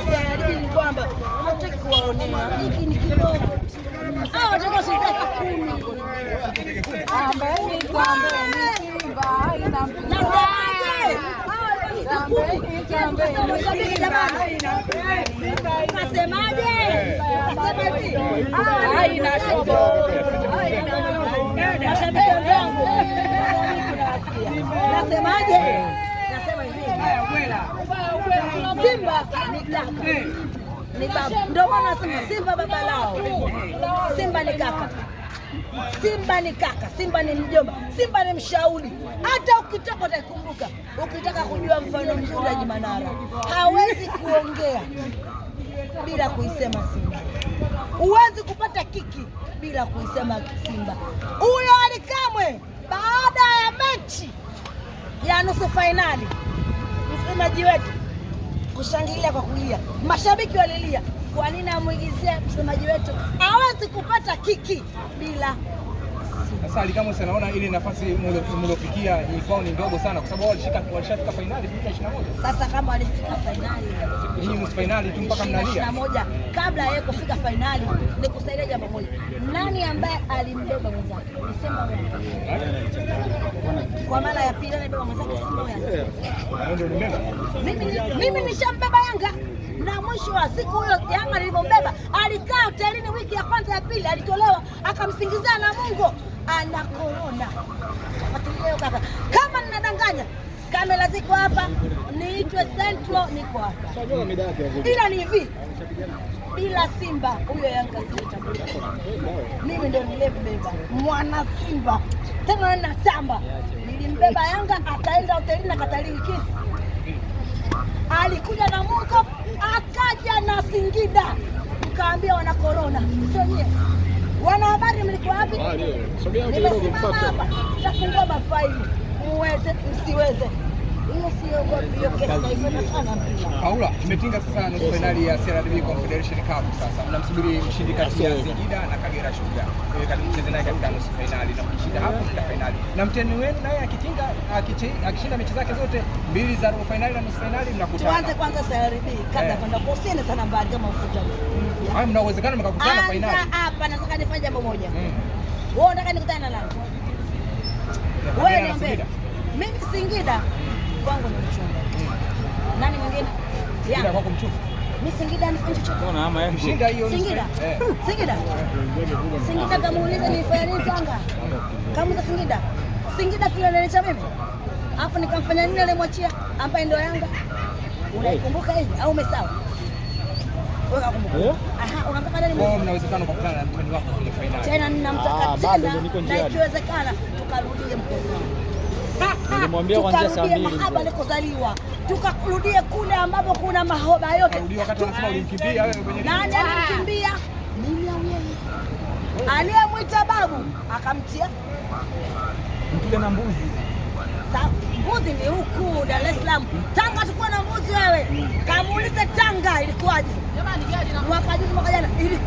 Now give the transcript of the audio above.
kukosekana dini kwamba hataki kuwaonea hiki ni kidogo nasemaje? Nasema hivi Simba ni kaka, ni baba. Ndio maana nasema Simba baba lao, Simba ni kaka Simba ni kaka, Simba ni mjomba, Simba ni mshauri. Hata ukitaka utakumbuka. Ukitaka kujua mfano mzuri, Haji Manara hawezi kuongea bila kuisema Simba. Huwezi kupata kiki bila kuisema Simba. Huyo Ally Kamwe, baada ya mechi ya nusu fainali, msemaji wetu kushangilia kwa kulia, mashabiki walilia. Kwa nini amwigizia msemaji wetu? Hawezi kupata kiki bila sasa Ally Kamwe anaona ile nafasi mliofikia kwao ni ndogo sana, kwa sababu walishafika finali ishirini moja. Sasa kama walifika finali hii nusu fainali tu mpaka mnalia moja, kabla yeye kufika fainali, ni kusaidia jambo moja, nani ambaye alimbeba mwenzake? kwa mara ya pili anabeba mwenzake, mimi nishambeba Yanga na mwisho wa siku huyo Yanga nilivyombeba alikaa hotelini wiki ya kwanza ya pili, alitolewa akamsingizia na Mungu ana korona. Kama ninadanganya, kamera ziko hapa, niitwe Central, niko hapa, ila ni hivi bila Simba huyo Yanga mimi ndio nilembeba mwana Simba tena na chamba nilimbeba Yanga akaenda hotelini katalini kisi, alikuja na muko akaja na Singida, mkaambia wana korona, sio nyie Wanahabari mliko wapi? Nimesema hapa, tafungua mafaili muweze msiweze Paula, tumetinga sasa nusu fainali ya CRDB Confederation Cup. Sasa mnamsubiri mshindi kati ya Singida na Kagera Sugar. Kwa hiyo mcheze naye katika nusu fainali na mkishinda hapo katika fainali. Na mteni wenu naye akitinga akishinda mechi zake zote mbili za robo fainali na nusu fainali mnakutana. Tuanze kwanza CRDB kabla eh. kwenda kusiana sana mbali kama ufuta. Haya, mna uwezekano mkakutana fainali. Hapa nataka nifanye jambo moja. Mm. Wewe unataka nikutane na nani? Wewe niambie. Mimi Singida. Mm kwangu ni mchumba. Nani mwingine? Singida kwako mchumba? Mimi Singida ni chochote. Unaona ama yani Singida hiyo. Singida. Singida. Singida eh. kama uliza nilifanya nini Tanga? Kama za Singida. Singida kile nilicha mimi. Hapo nikamfanya nini ile mwachia ambaye ndio Yanga? Unaikumbuka hivi au umesawa? Wewe kakumbuka. Eh? Aha, unamtaka nani oh, mnawezekana kwa kukutana na mtani wako kwenye finali. Tena ninamtaka ah, tena. Na ikiwezekana tukarudie mahaba alikozaliwa, tukarudie kule ambapo kuna mahoba yote. Nani alimkimbia? Mimi au yeye? Aliyemwita babu akamtia mkuja na mbuzi. Mbuzi ni huku Dar es Salaam, Tanga tukuwa na mbuzi. Wewe kamuulize Tanga ilikuwaje mwaka jana?